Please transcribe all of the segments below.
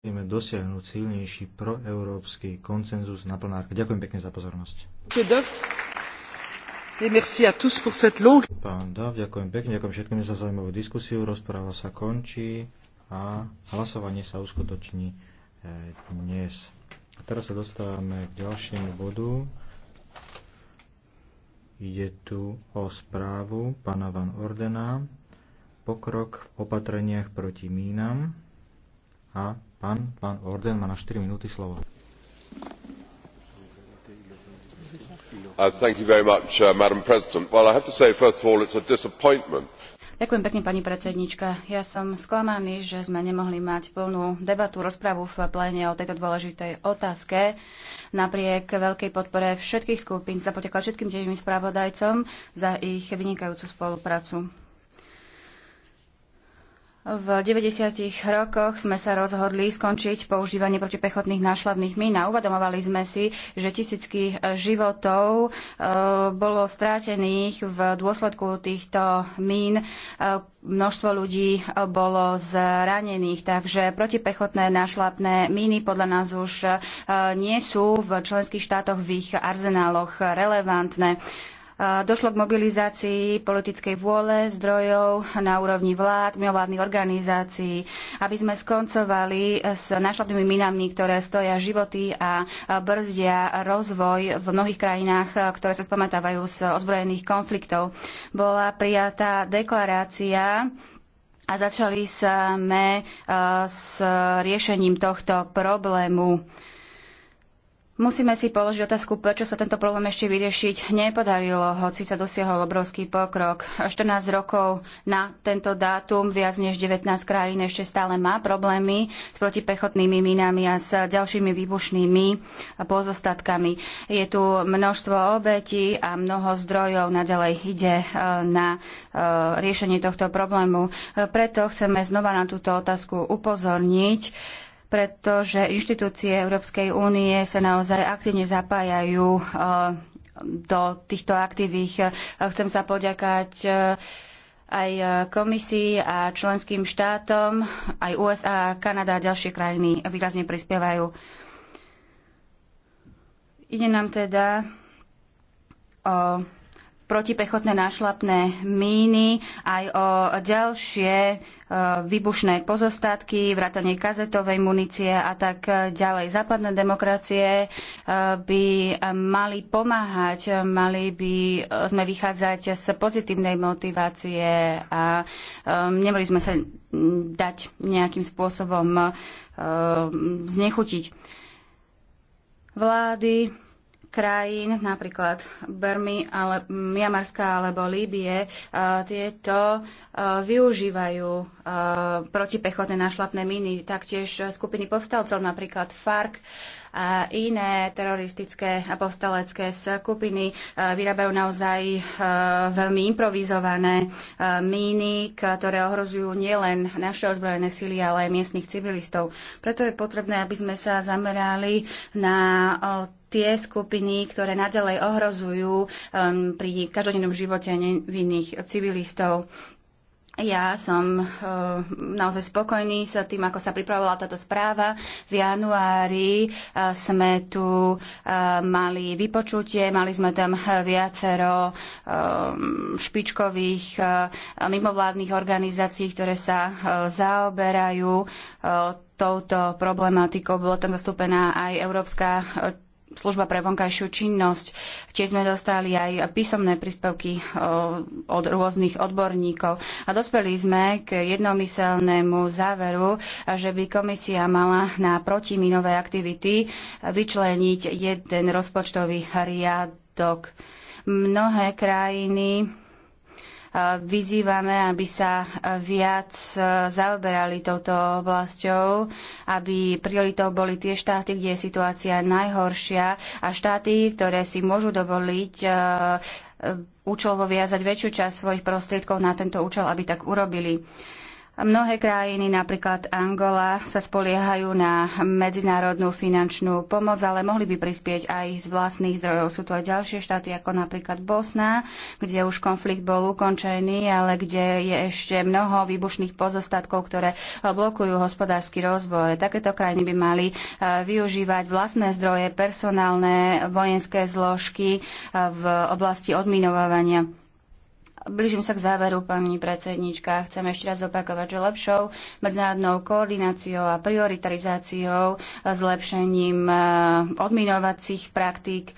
musíme dosiahnuť silnejší proeurópsky koncenzus na plnárke. Ďakujem pekne za pozornosť. Pán Dav, ďakujem pekne, ďakujem všetkým za zaujímavú diskusiu. Rozpráva sa končí a hlasovanie sa uskutoční eh, dnes. A teraz sa dostávame k ďalšiemu bodu. Ide tu o správu pána Van Ordena, pokrok v opatreniach proti mínam a Pán, pán Orden má na 4 minúty slovo. Uh, much, uh, well, say, all, Ďakujem pekne, pani predsednička. Ja som sklamaný, že sme nemohli mať plnú debatu, rozpravu v pléne o tejto dôležitej otázke. Napriek veľkej podpore všetkých skupín sa potekla všetkým deň spravodajcom za ich vynikajúcu spoluprácu. V 90. rokoch sme sa rozhodli skončiť používanie protipechotných nášľadných mín a uvedomovali sme si, že tisícky e, životov e, bolo strátených v dôsledku týchto mín. E, množstvo ľudí bolo zranených, takže protipechotné nášlapné míny podľa nás už nie sú v členských štátoch v ich arzenáloch relevantné. Došlo k mobilizácii politickej vôle, zdrojov na úrovni vlád, mimovládnych organizácií, aby sme skoncovali s nášľadnými minami, ktoré stoja životy a brzdia rozvoj v mnohých krajinách, ktoré sa spamätávajú z ozbrojených konfliktov. Bola prijatá deklarácia a začali sme eh, s riešením tohto problému. Musíme si položiť otázku, prečo sa tento problém ešte vyriešiť nepodarilo, hoci sa dosiahol obrovský pokrok. 14 rokov na tento dátum viac než 19 krajín ešte stále má problémy s protipechotnými minami a s ďalšími výbušnými pozostatkami. Je tu množstvo obetí a mnoho zdrojov naďalej ide eh, na eh, riešenie tohto problému. Preto chceme znova na túto otázku upozorniť pretože inštitúcie Európskej únie sa naozaj aktívne zapájajú e, do týchto aktivít. E, chcem sa poďakať e, aj komisii a členským štátom, aj USA, Kanada a ďalšie krajiny výrazne prispievajú. Ide nám teda o protipechotné nášlapné míny, aj o ďalšie e, výbušné pozostatky, vrátanie kazetovej munície a tak ďalej. Západné demokracie e, by mali pomáhať, e, mali by sme vychádzať z pozitívnej motivácie a nemali sme sa dať nejakým spôsobom znechutiť. Vlády krajín, napríklad Burmy, ale, Miamarska alebo Líbie. Tieto E, využívajú e, protipechotné našlapné miny, taktiež skupiny povstalcov, napríklad FARC a iné teroristické a povstalecké skupiny e, vyrábajú naozaj veľmi improvizované míny, ktoré ohrozujú nielen naše ozbrojené síly, ale aj miestnych civilistov. Preto je potrebné, aby sme sa zamerali na tie skupiny, ktoré nadalej ohrozujú um, pri každodennom živote nevinných civilistov. Ja som eh, naozaj spokojný s tým, ako sa pripravovala táto správa. V januári eh, sme tu eh, mali vypočutie, mali sme tam viacero špičkových mimovládnych organizácií, ktoré sa zaoberajú touto problematikou. Bola tam zastúpená aj Európska služba pre vonkajšiu činnosť. Tiež sme dostali aj písomné príspevky e, od rôznych odborníkov a dospeli sme k jednomyselnému záveru, že by komisia mala na protiminové aktivity vyčleniť jeden rozpočtový riadok. Mnohé krajiny vyzývame, aby sa viac e, zaoberali touto oblasťou, aby prioritou boli tie štáty, kde je situácia najhoršia a štáty, ktoré si môžu dovoliť e, e, účelovo viazať väčšiu časť svojich prostriedkov na tento účel, aby tak urobili. Mnohé krajiny, napríklad Angola, sa spoliehajú na medzinárodnú finančnú pomoc, ale mohli by prispieť aj z vlastných zdrojov. Sú tu aj ďalšie štáty, ako napríklad Bosna, kde už konflikt bol ukončený, ale kde je ešte mnoho výbušných pozostatkov, ktoré blokujú hospodársky rozvoj. Takéto krajiny by mali e, využívať vlastné zdroje, personálne vojenské zložky e, v oblasti odminovávania Blížim sa k záveru, pani predsednička. Chcem ešte raz opakovať, že lepšou medzinárodnou koordináciou a prioritarizáciou, zlepšením eh, odminovacích praktík,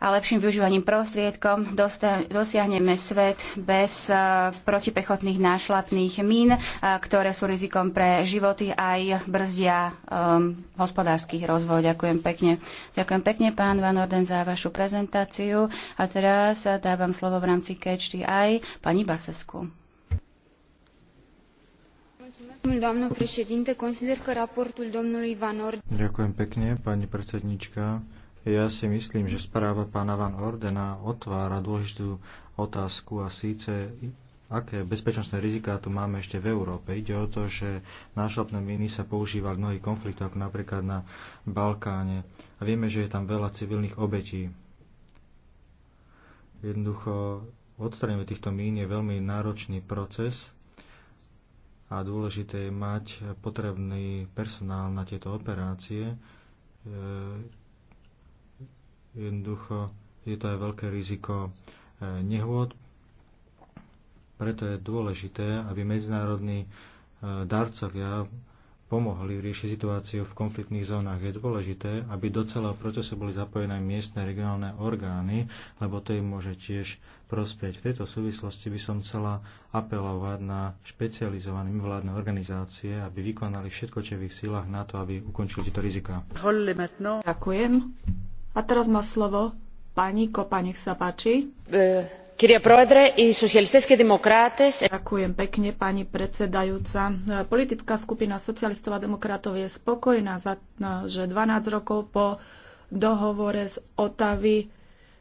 a lepším využívaním prostriedkom dosiahneme svet bez eh, protipechotných nášlapných mín, eh, ktoré sú rizikom pre životy aj brzdia um, hospodársky rozvoj. Ďakujem pekne. Ďakujem pekne, pán Van Orden, za vašu prezentáciu. A teraz eh, dávam slovo v rámci kečty aj pani Basesku. Ďakujem pekne, pani predsednička. Ja si myslím, že správa pána Van Ordena otvára dôležitú otázku a síce aké bezpečnostné riziká tu máme ešte v Európe. Ide o to, že nášlapné miny sa používali v mnohých konfliktoch, ako napríklad na Balkáne. A vieme, že je tam veľa civilných obetí. Jednoducho odstranenie týchto mín je veľmi náročný proces a dôležité je mať potrebný personál na tieto operácie, e, Jednoducho je to aj veľké riziko e, nehôd. Preto je dôležité, aby medzinárodní e, darcovia pomohli riešiť situáciu v konfliktných zónach. Je dôležité, aby do celého procesu boli zapojené miestne regionálne orgány, lebo to im môže tiež prospieť. V tejto súvislosti by som chcela apelovať na špecializované mimovládne organizácie, aby vykonali všetko, čo je v ich silách na to, aby ukončili tieto riziká. Ďakujem. A teraz má slovo pani Kopa, nech sa páči. E, Ďakujem pekne, pani predsedajúca. Politická skupina socialistov a demokratov je spokojná, za, no, že 12 rokov po dohovore z Otavy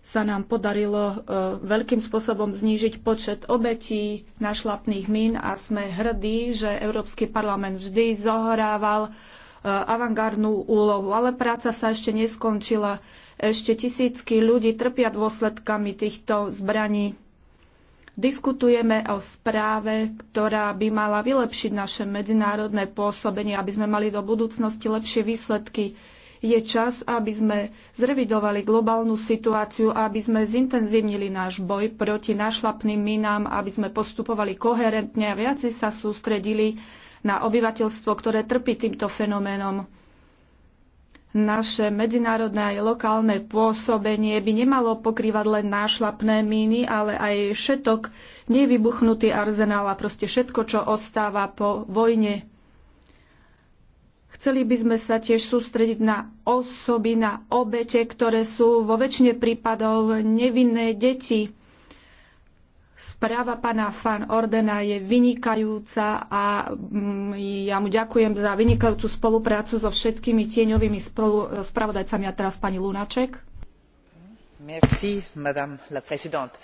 sa nám podarilo e, veľkým spôsobom znížiť počet obetí šlapných mín a sme hrdí, že Európsky parlament vždy zohrával e, avangardnú úlohu. Ale práca sa ešte neskončila ešte tisícky ľudí trpia dôsledkami týchto zbraní. Diskutujeme o správe, ktorá by mala vylepšiť naše medzinárodné pôsobenie, aby sme mali do budúcnosti lepšie výsledky. Je čas, aby sme zrevidovali globálnu situáciu, aby sme zintenzívnili náš boj proti našlapným minám, aby sme postupovali koherentne a viaci sa sústredili na obyvateľstvo, ktoré trpí týmto fenoménom naše medzinárodné aj lokálne pôsobenie by nemalo pokrývať len nášlapné míny, ale aj všetok nevybuchnutý arzenál a proste všetko, čo ostáva po vojne. Chceli by sme sa tiež sústrediť na osoby, na obete, ktoré sú vo väčšine prípadov nevinné deti Správa pána Fan Ordena je vynikajúca a mm, ja mu ďakujem za vynikajúcu spoluprácu so všetkými tieňovými spolu, spravodajcami a teraz pani Lunaček. Merci, madame la présidente.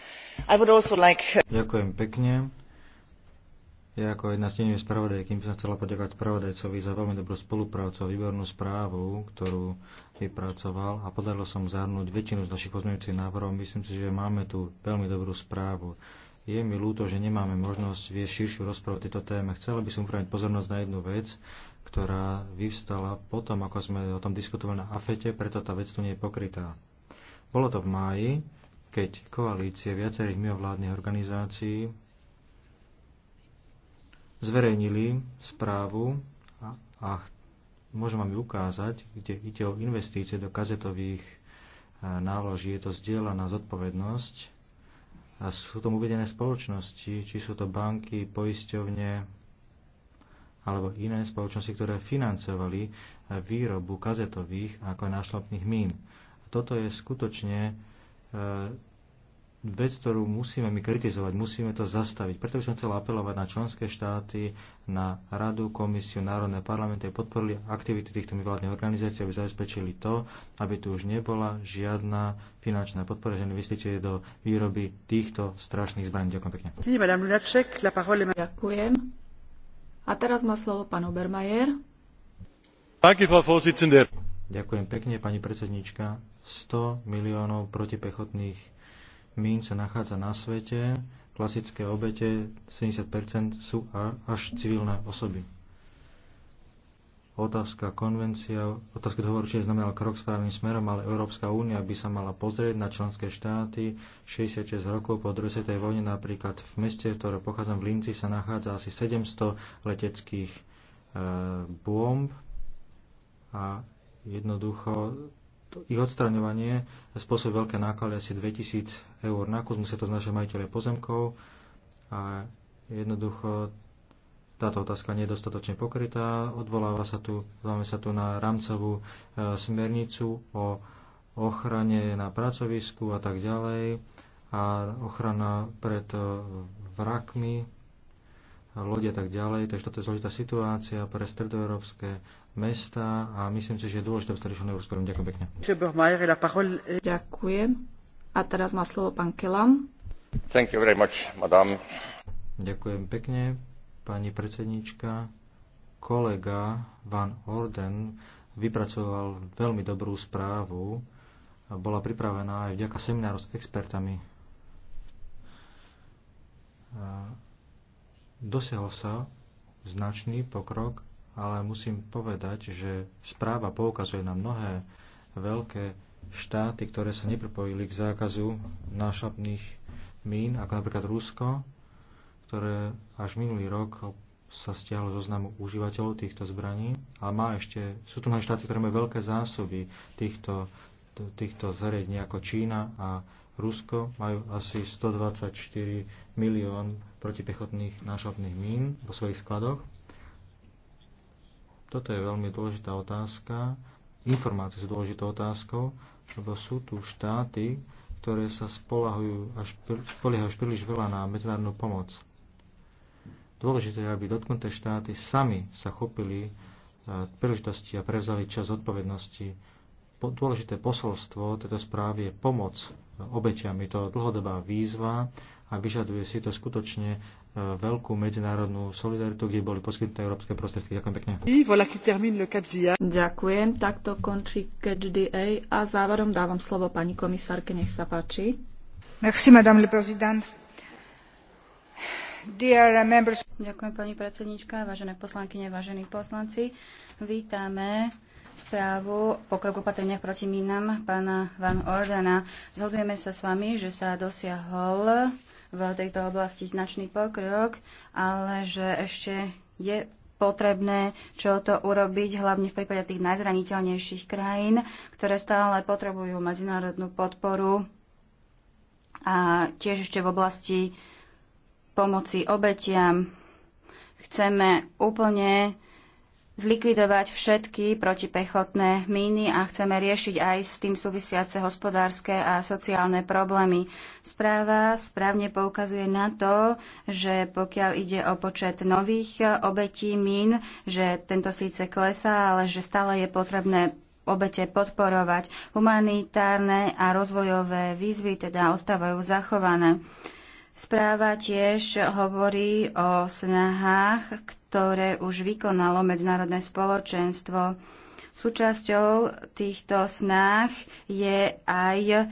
I would also like... Ďakujem pekne. Ja ako jedna z neviem spravodaj, kým by som chcela poďakovať spravodajcovi za veľmi dobrú spoluprácu, výbornú správu, ktorú vypracoval a podarilo som zahrnúť väčšinu z našich pozmeňujúcich návrhov. Myslím si, že máme tu veľmi dobrú správu. Je mi ľúto, že nemáme možnosť viesť širšiu rozpravu tejto téme. Chcela by som upraviť pozornosť na jednu vec, ktorá vyvstala potom, ako sme o tom diskutovali na AFETE, preto tá vec tu nie je pokrytá. Bolo to v máji, keď koalície viacerých mimovládnych organizácií zverejnili správu a, a môžem vám ju ukázať, kde ide o investície do kazetových e, náloží. Je to zdieľaná zodpovednosť a sú tam uvedené spoločnosti, či sú to banky, poisťovne alebo iné spoločnosti, ktoré financovali e, výrobu kazetových ako nášlopných mín. Toto je skutočne e, vec, ktorú musíme my kritizovať, musíme to zastaviť. Preto by som chcel apelovať na členské štáty, na Radu, Komisiu, Národné parlamenty, podporili aktivity týchto mimovládnych organizácií, aby zabezpečili to, aby tu už nebola žiadna finančná podpora, že investície do výroby týchto strašných zbraní. Ďakujem pekne. Ďakujem. A teraz má slovo pán Obermajer. Ďakujem pekne, pani predsednička. 100 miliónov protipechotných mín sa nachádza na svete, klasické obete 70% sú až civilné osoby. Otázka konvencia, otázka dohovoru určite znamenala krok správnym smerom, ale Európska únia by sa mala pozrieť na členské štáty. 66 rokov po druhej svetovej vojne napríklad v meste, ktoré pochádzam v Linci, sa nachádza asi 700 leteckých e, bomb a jednoducho ich odstraňovanie spôsobí veľké náklady asi 2000 eur na kus, musia to znašať majiteľe pozemkov a jednoducho táto otázka nie je dostatočne pokrytá. Odvoláva sa tu, máme sa tu na rámcovú e, smernicu o ochrane na pracovisku a tak ďalej a ochrana pred e, vrakmi lode a tak ďalej. Takže toto je zložitá situácia pre stredoeurópske mesta a myslím si, že je dôležité vstariť na Európsku Ďakujem pekne. Ďakujem. A teraz má slovo pán Kelam. Thank you very much, madam. Ďakujem pekne, pani predsednička. Kolega Van Orden vypracoval veľmi dobrú správu a bola pripravená aj vďaka semináru s expertami Dosiahol sa značný pokrok, ale musím povedať, že správa poukazuje na mnohé veľké štáty, ktoré sa nepripojili k zákazu nášapných mín, ako napríklad Rusko, ktoré až minulý rok sa stiahlo zoznamu užívateľov týchto zbraní a má ešte, sú tu mnohé štáty, ktoré majú veľké zásoby týchto, týchto zariadení ako Čína a Rusko majú asi 124 milión protipechotných nášlapných mín vo svojich skladoch. Toto je veľmi dôležitá otázka. Informácie sú dôležitou otázkou, lebo sú tu štáty, ktoré sa spolahujú až, spoliehajú až príliš veľa na medzinárodnú pomoc. Dôležité je, aby dotknuté štáty sami sa chopili e, príležitosti a prevzali čas odpovednosti. Dôležité posolstvo tejto správy je pomoc obetiam. Je to dlhodobá výzva, a vyžaduje si to skutočne e, veľkú medzinárodnú solidaritu, kde boli poskytnuté európske prostriedky. Ďakujem pekne. Ďakujem. Takto končí KDA a záverom dávam slovo pani komisárke. Nech sa páči. Merci, madame le président. Dear members... Ďakujem pani predsednička, vážené poslankyne, vážení poslanci. Vítame správu pokrok opatreniach proti mínam pána Van Ordena. Zhodujeme sa s vami, že sa dosiahol v tejto oblasti značný pokrok, ale že ešte je potrebné, čo to urobiť, hlavne v prípade tých najzraniteľnejších krajín, ktoré stále potrebujú medzinárodnú podporu a tiež ešte v oblasti pomoci obetiam. Chceme úplne zlikvidovať všetky protipechotné míny a chceme riešiť aj s tým súvisiace hospodárske a sociálne problémy. Správa správne poukazuje na to, že pokiaľ ide o počet nových obetí mín, že tento síce klesá, ale že stále je potrebné obete podporovať. Humanitárne a rozvojové výzvy teda ostávajú zachované. Správa tiež hovorí o snahách, ktoré už vykonalo medzinárodné spoločenstvo. Súčasťou týchto snah je aj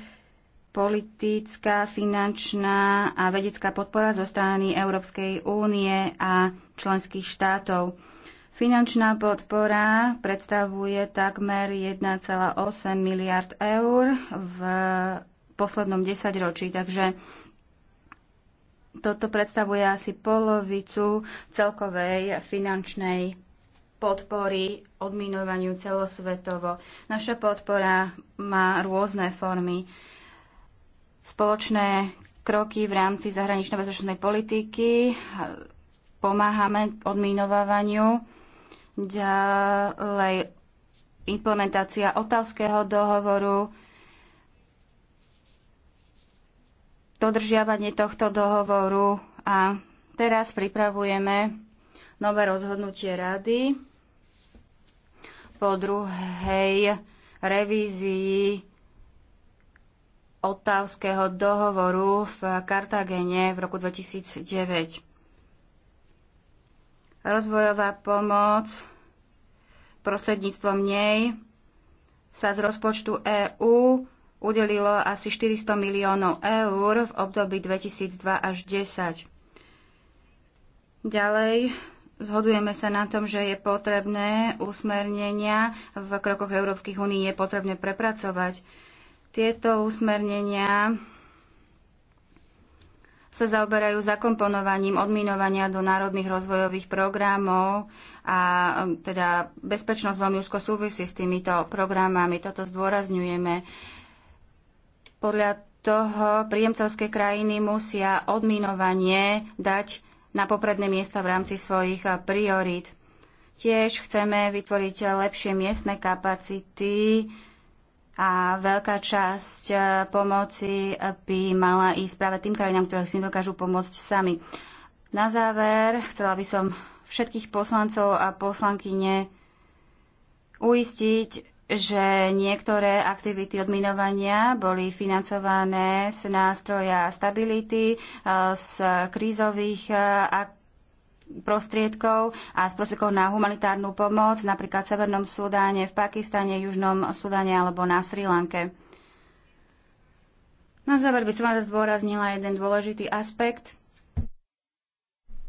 politická, finančná a vedecká podpora zo strany Európskej únie a členských štátov. Finančná podpora predstavuje takmer 1,8 miliard eur v poslednom desaťročí, takže toto predstavuje asi polovicu celkovej finančnej podpory odminovaniu celosvetovo. Naša podpora má rôzne formy. Spoločné kroky v rámci zahraničnej bezpečnostnej politiky, pomáhame odminovávaniu, ďalej implementácia otavského dohovoru, dodržiavanie tohto dohovoru a teraz pripravujeme nové rozhodnutie rady po druhej revízii Otávského dohovoru v Kartagene v roku 2009. Rozvojová pomoc prostredníctvom nej sa z rozpočtu EÚ udelilo asi 400 miliónov eur v období 2002 až 2010. Ďalej zhodujeme sa na tom, že je potrebné usmernenia v krokoch Európskych únií je potrebné prepracovať. Tieto usmernenia sa zaoberajú zakomponovaním odminovania do národných rozvojových programov a teda bezpečnosť veľmi úzko súvisí s týmito programami. Toto zdôrazňujeme. Podľa toho príjemcovské krajiny musia odminovanie dať na popredné miesta v rámci svojich eh, priorít. Tiež chceme vytvoriť lepšie miestne kapacity a veľká časť eh, pomoci eh, by mala ísť práve tým krajinám, ktoré si dokážu pomôcť sami. Na záver chcela by som všetkých poslancov a poslankyne uistiť, že niektoré aktivity odminovania boli financované z nástroja stability, e, z krízových e, prostriedkov a z prostriedkov na humanitárnu pomoc, napríklad v Severnom Sudáne, v Pakistane, Južnom Sudáne alebo na Sri Lanke. Na záver by som vás zdôraznila jeden dôležitý aspekt,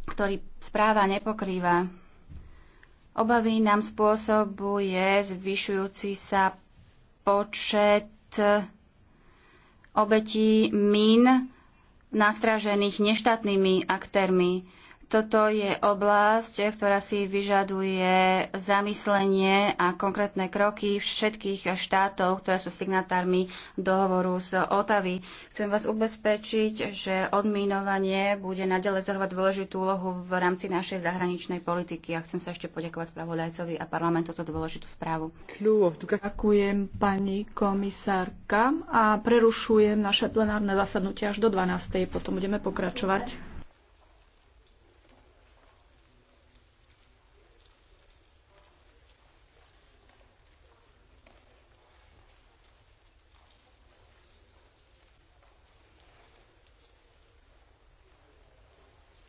ktorý správa nepokrýva Obavy nám spôsobuje zvyšujúci sa počet obetí mín nastražených neštátnymi aktérmi. Toto je oblasť, ktorá si vyžaduje zamyslenie a konkrétne kroky všetkých štátov, ktoré sú signatármi dohovoru z Otavy. Chcem vás ubezpečiť, že odmínovanie bude naďalej zohrávať dôležitú úlohu v rámci našej zahraničnej politiky a chcem sa ešte poďakovať spravodajcovi a parlamentu za dôležitú správu. Ďakujem pani komisárka a prerušujem naše plenárne zasadnutie až do 12. Potom budeme pokračovať.